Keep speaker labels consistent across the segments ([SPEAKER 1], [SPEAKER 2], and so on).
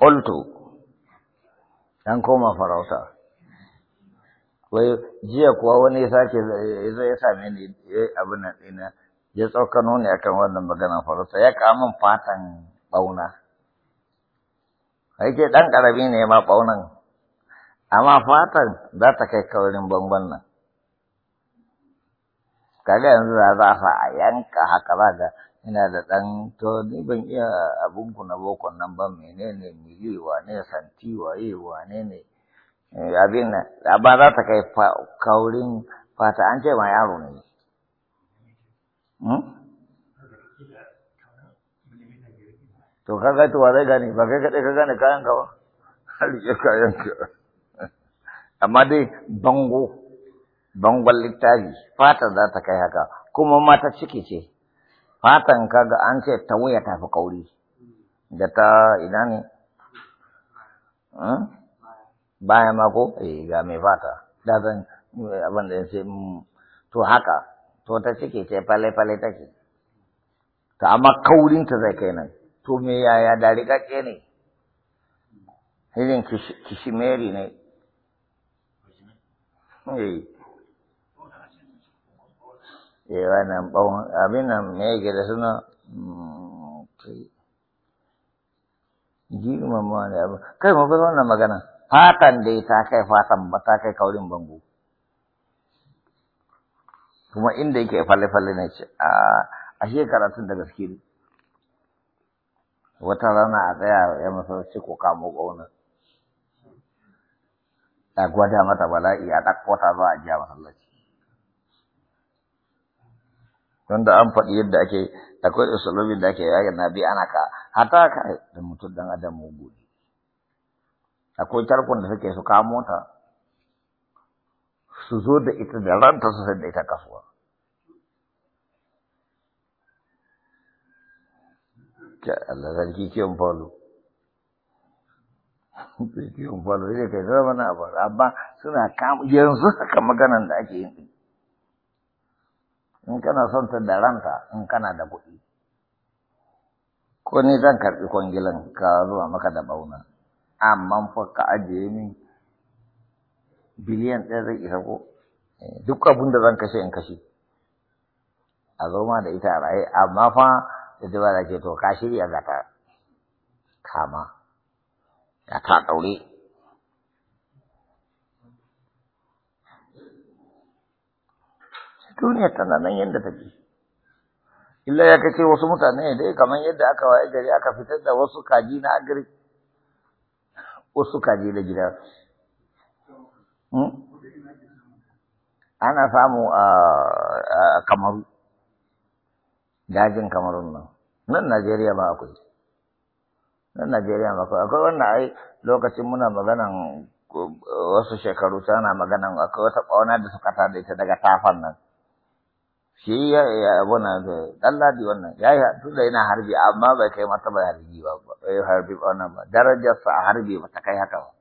[SPEAKER 1] Qultu dan koma farauta wai jiya kuwa wani ya sake zai ya same ni abin nan ɗina ya tsokano ne akan wannan magana farauta ya kamun fatan ɓauna ke ɗan ƙarami ne ma ɓaunan amma fatan za ta kai kaurin bangon nan kaga yanzu za a yanka haka za ga ina da ɗan to ni ban iya abun ku na bokon nan ba menene mili wane santi waye wane ne eh, abin nan ba za ta kai kaurin fata an ce ma yaro ne hmm? to ka ga to zai gane ba kai kaɗai ka gane kayan ka ba rike kayan ka amma dai bango bangon littafi fata za ta kai haka kuma mata ciki ce fatan ga an ce ta wuya tafi kauri da ta ina ne hmm? baya mako eh ga mai fata da zan abin da sai mm, to haka to ta cike ce fale fale take ta amma kaurin ta zai kai nan to me yaya da rikakke ne irin kishimeri ne eh. ya wannan bawon abin nan me gida suna girmama abu kai mu wannan magana fatan dai ta kai fatan ba ta kai kaurin bango kuma inda yake falle-falle ne ce a ashe karatun da gaske ne wata rana a tsaya ya masarci ko kamo ƙauna a gwada mata bala'i a ta zuwa a jiya masallaci wanda an faɗi yadda ake akwai usulobin da ake na bi ana ka hata ka da mutum dan adam gode akwai tarkon da suke su kamo mota su zo da ita da ranta su sai da ita kasuwa ke Allah zargi kiyon falo kiyon falo ne kai zama na abar amma suna kamo yanzu haka maganan da ake yin in kana son ta da ranta in kana da kuɗi ko ni zan karɓi kwangilan ka zuwa maka da bauna amma fa ka ajiye min biliyan ɗaya zai isa ko eh, duk abin zan kashe in kashe a zo ma da ita a raye amma fa da jiba da ke to ka shirya ga ta kama ga ta ɗaure duniya tana nan yadda take illa ya kace wasu mutane dai kamar yadda aka waye gari aka fitar da wasu kaji na agri wasu kaji da gida hmm? ana samu a kamaru dajin kamarun nan nan najeriya ba akwai nan najeriya ba akwai akwai wannan ai lokacin muna maganan wasu shekaru tana maganan akwai wata ƙauna da suka tada ita daga tafan nan shi ya abuna da eh, dan wannan ya yi tun da yana harbi amma bai kai martaba harbi ba harbi wannan ba darajarsa a harbi ba ta kai haka ba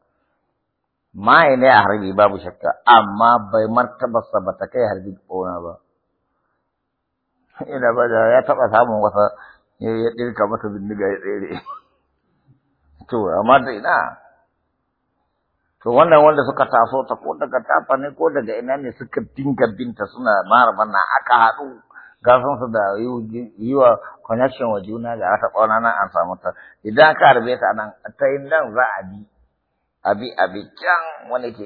[SPEAKER 1] ma ne a harbi babu shakka amma bai martaba sa ba ta kai harbi kona ba ina ba ya taba samun wasa ya dinka masa bindiga ya tsere to amma da ina to wannan wanda suka taso ta ko daga tafa ne ko daga ina ne suka dinga binta suna mara bana aka haɗu gasan su da yi wa connection wa juna da aka ƙona nan an samu ta idan aka harbe ta nan ta yi nan za a bi a bi a bi can wani ke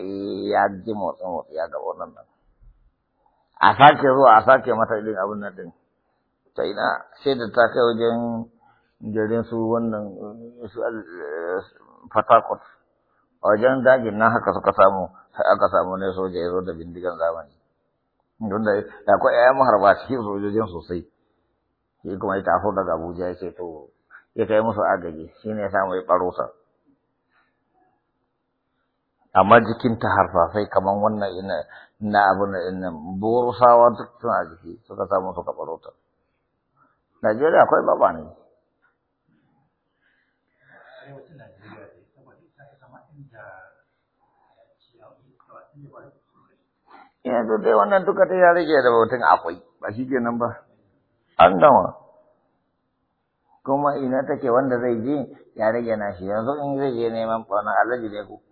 [SPEAKER 1] ya ji motsin motsi ya gaba wannan nan a sake zuwa a sake mata irin abin nan din ta ina sai da ta kai wajen garin su wannan su eh, a wajen dajin nan haka suka samu sai aka samu ne soja ya zo da bindigan zamani don da akwai 'ya'yan maharba cikin sojojin sosai shi kuma ya taso daga Abuja ya ce to ya kai musu agaji shine ya samu ya baro sa amma jikin ta harfafai kaman wannan ina na abu na ina borusawa duk suna jiki suka samu suka baro ta Najeriya akwai baba to eh, dai wannan duka ta ya rage da mutum akwai ba shi ke nan ba an gama kuma ina take wanda zai je ya rage shi yanzu in zai je neman fauna alaji ne ku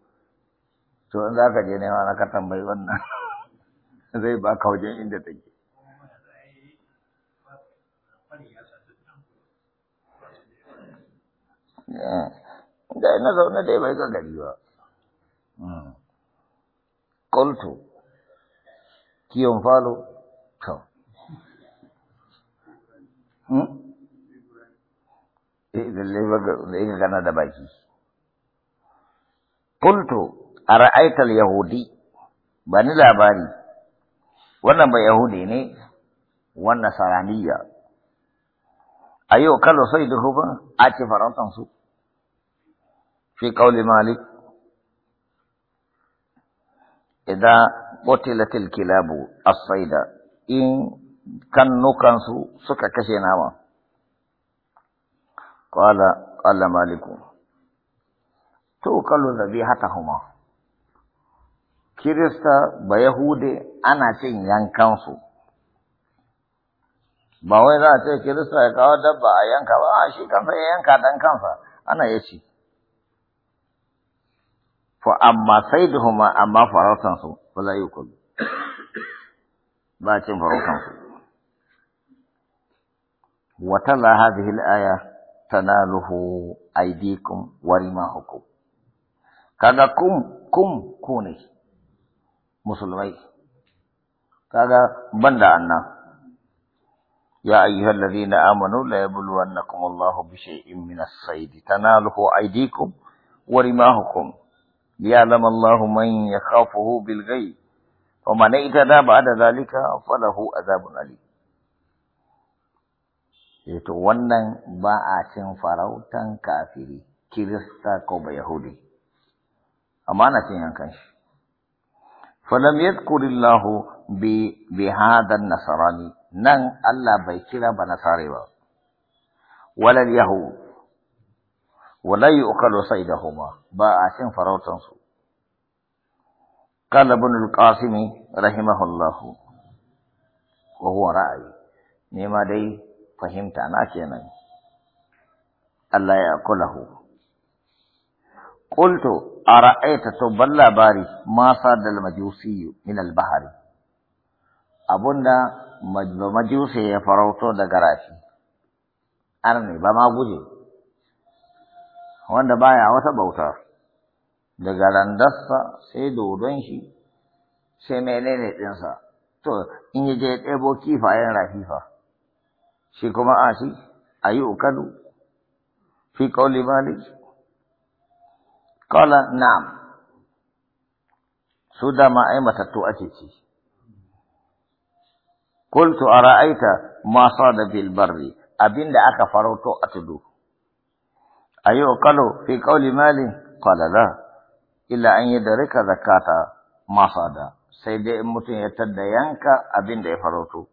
[SPEAKER 1] to in za ka je nema na ka tambayi wannan zai ba ka wajen inda take eh. da na zaune dai bai ga gari ba. Hmm. Kultu. kiwon falo to hmm? eh, lallai gana da baki kultu a ra'aitar yahudi ba ni labari wannan ba yahudi ne wannan saraniya a yau kalo sai da ba? a ce su fi kauli malik idan qutilatil kilabu as-sayda in kannukansu suka kashe nama qala qala maliku to kallu huma. kirista ba yahude ana cin su ba wai za a ce kirista ya kawo dabba a yanka ba a shi kansa ya yanka dan kansa ana ya ci fa amma saiduhuma amma farautansu wala yukul ba cin farautan su watala hadhihi al-aya tanaluhu aydikum wa rimahukum kaga kum kum ku ne musulmai kaga banda annan يا أيها الذين آمنوا لا يبلونكم الله بشيء من الصيد تناله أيديكم ورماهكم ليعلم الله من يخافه بالغيب ومن اعتدى بعد ذلك فله عذاب أليم to wannan ba a cin farautan kafiri kirista ko ba yahudi amma na cin yankan shi falam yadkurillahu bi bi hadan nasarani nan Allah bai kira ba nasare ba walal yahud wala yu'kalu saydahuma ba a cin farautansu. su qala ibn al-qasim rahimahullahu wa huwa ra'ayi ne ma dai fahimta na kenan Allah ya kulahu qultu ara'aita to ban labari ma sadal majusi min al-bahri abunda majusi ya farauto daga rafi arne ba ma guje wanda baya wata bauta daga randarsa sai dodon shi sai menene ɗinsa to in yi je ɗebo kifayen rafifa shi kuma a shi a yi ukadu fi kauli malik kala na'am su dama ai matattu ake ci kultu a ra'aita masa da bilbarri abinda aka farauto a tudu A wa kalo fi kauli mali kwala da illa an yi da rika zakata masa da sai dai in mutum ya tada yanka abin da ya faroto.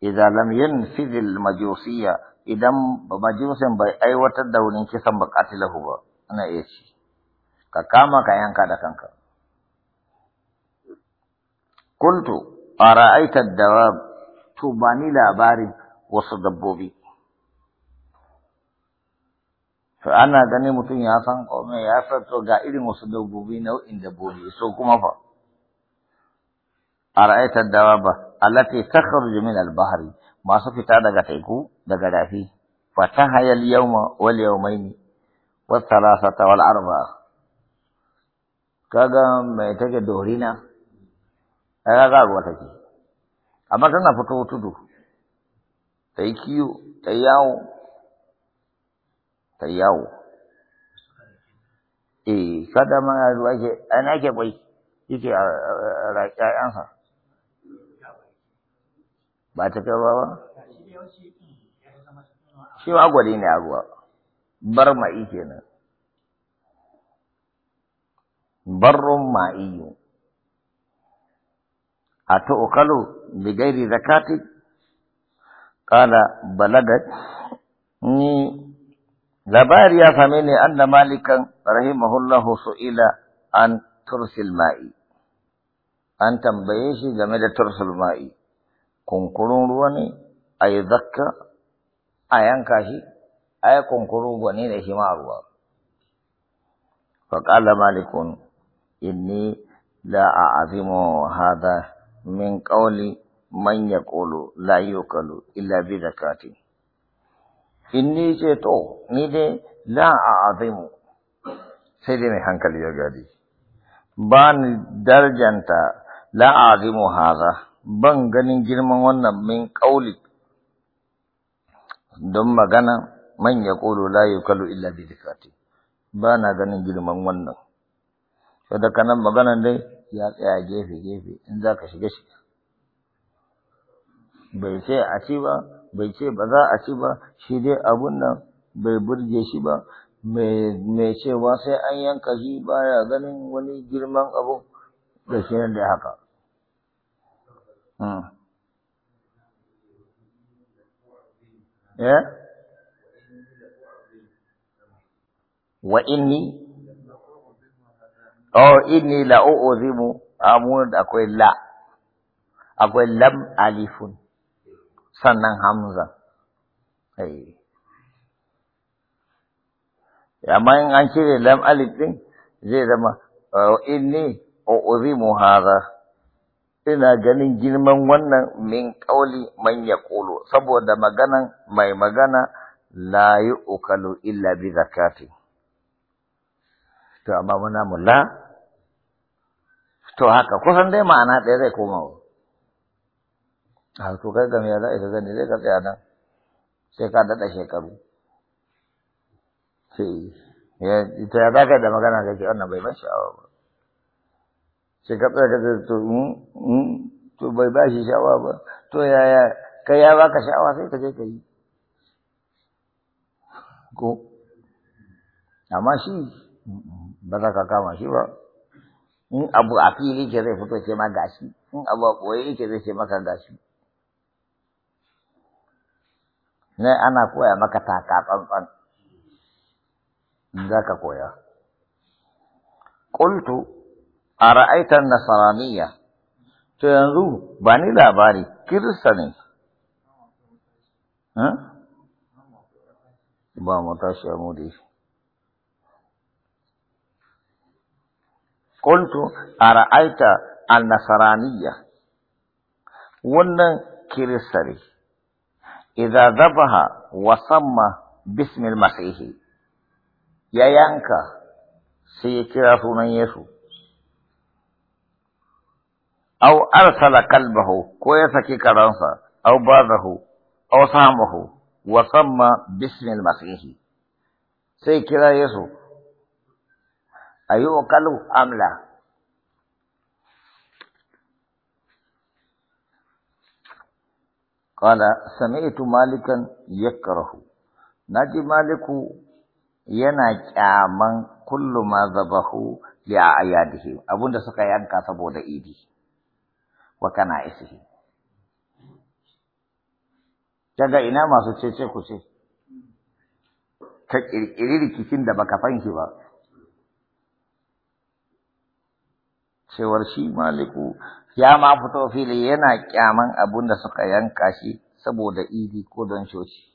[SPEAKER 1] Idan lam yin fizil majusiya idan majusin bai aiwatar da wurin kisan bukati lahu ba ana iya ci. Ka kama ka yanka da kanka. Kuntu a ra'aitar da ba ni labarin wasu dabbobi. to ana ganin mutum ya san kome ya san to ga irin wasu dabbobi nau'in dabbobi so kuma fa ara'aita dawaba allati takhruju min al-bahri masu fita daga teku daga rafi fataha al-yawma wal yawmayn wa thalathata wal arba kaga mai take dorina kaga ga ruwa take amma tana fito tudu ta yi kiyo ta yi yawo ta yawo eh kada ma ya zuwa ke an ake kwai yake a ƴaƴansa ba ta kai ba shi ma gwade ne a ruwa bar ma'i kenan barrun yi. a okalo bi gairi zakati qala balagat ni labari ya same ni da malikan rahimahullahu su'ila an tursil ma'i an tambaye shi game da tursil ma'i kunkurun ruwa ne a yi zakka a yanka shi a yi kunkurun ruwa ne da shi ma ruwa faƙala malikun inni la a azimu hada min ƙauli manya ya ƙolo la yi illa bi zakatin in ni ce to ni dai la a azimu sai dai mai hankali ya gadi ba ni darjanta la azimu haza ban ganin girman wannan min kauli don magana man ya kolo la yukalu illa bi dikati ba na ganin girman wannan saboda magana maganan dai ya tsaya gefe gefe in za ka shiga shiga bai ce a ci ba bai ce ba za a ci ba shi dai abun nan bai burge shi ba mai cewa sai an yanka shi baya ganin wani girman abu da shi da haka hmm. eh? wa inni oh inni la'o'o zimu, amun ah, akwai la akwai lam alifun sannan hamza amma in an cire lam alif din zai zama oh, inni mu hadha ina ganin girman wannan min kauli man yaqulu saboda maganan mai magana la yu'kalu illa bi zakati to amma muna mulla to haka kusan dai ma'ana ɗaya zai koma a to kai game ya za ka gani zai ka tsaya nan sai ka daɗa shekaru ce ita ya za ka da magana ka ce wannan bai ban sha'awa ba sai ka tsaya ka ce to hmm, hmm, to bai ba shi sha'awa ba to yaya kai ya baka sha'awa sai ka je ka yi ko amma shi ba za ka kama shi ba in abu a fili ke zai fito ce ma gashi in abu a ɓoye yake zai ce maka gashi ne ana koya maka taka tsantsan za ka koya qultu ara'aita nasraniyya to yanzu ba ni labari kirista ne ba mu tashi mu da shi qultu ara'aita an-nasraniyya wannan kirista ne idza dhabaha wa samma bismil masihi ya yanka sai ya kira sunan Yesu Au arsala kalbahu ko ya saki karansa aw badahu aw samahu wa samma bismil masihi sai kira Yesu ayu kalu amla قال سمعت مالكا يكره ناجي مالك yana kyaman kullu ma zabahu da ayadihi abunda suka yanka saboda idi wa kana isihi daga ina masu cece ku ce ka kirkiri rikicin da baka fanki ba cewar shi maliku ya ma fito fili yana kyaman abun da suka yanka shi saboda idi ko don shoci.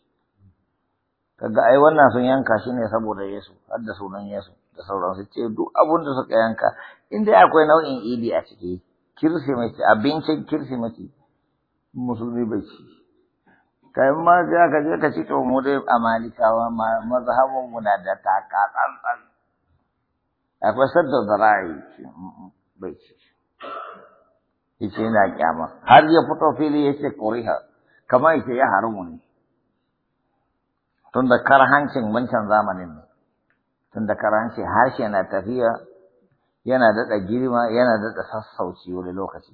[SPEAKER 1] Kaga ai wannan sun yanka shi ne saboda Yesu, har da sunan Yesu da sauran su ce duk abun da suka yanka, inda akwai nau'in idi a ciki, kirsimeti, abincin kirsimeti, musulmi bai ci. Kayan ma za ka je ka ci to mu dai a malikawa mu na da taka tsantsan. Akwai sadda zara'i bai ci. yace yana kyama har ya fito fili yace koriha kamar yace ya mu ne tunda karhancin wancan zamanin ne tunda karhanci harshe na tafiya yana daɗa girma yana daɗa sassauci wani lokaci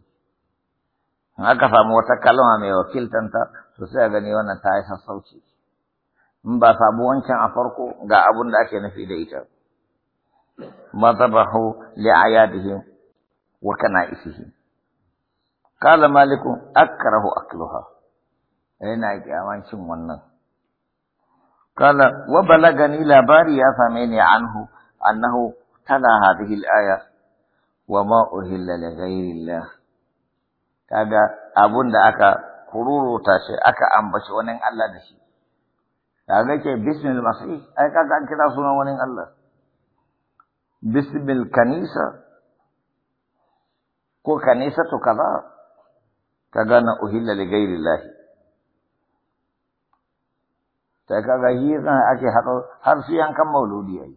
[SPEAKER 1] in aka samu wata kalma mai wakiltanta to sai a gani wannan ta yi sassauci in ba samu wancan a farko ga abun da ake nufi da ita wa kana وكنائسهم قال مالك أكره أكلها أين أمان شم ونن قال وبلغني لاباري أفميني عنه أنه تلا هذه الآية وما أهل لغير الله كذا أبون دا أكا كرورو تاشي أكا أنبش ونن الله دشي كذا كي بسم المسيح أي كذا كذا سنة ونن الله بسم الكنيسة ko kanisatu kaza ka gane uhilla li gairi lahi ta kaga shi ake haɗo har su yankan mauludi ai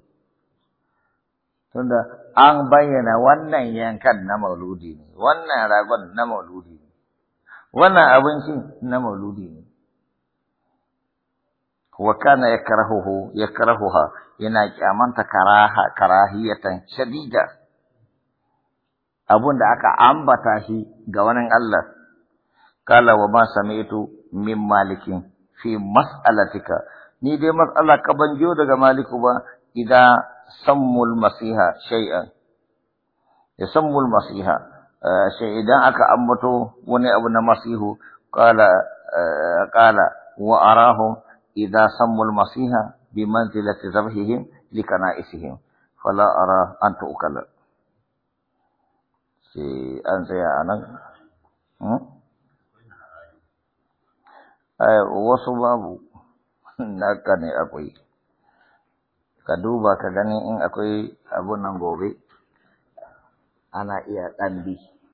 [SPEAKER 1] tunda an bayyana wannan yankan na mauludi ne wannan ragon na mauludi ne wannan abincin na mauludi ne wa kana yakrahuhu yakrahuha yana kyamanta karaha karahiyatan shadida abun da aka ambata shi ga wannan Allah قال وما سمعت من مالك في مسالتك ني دي مساله كبن جو دغ مالك با اذا سم المسيح شيئا يسم المسيح آه، شيئا اذا اك امته وني ابن المسيح قال آه، قال واراه اذا سم المسيح بمنزله ذبحهم لكنائسهم فلا ارى ان تؤكل si ang saya anak. wasu babu na ne akwai ka duba ka gani in akwai abun nan gobe ana iya ɗan bi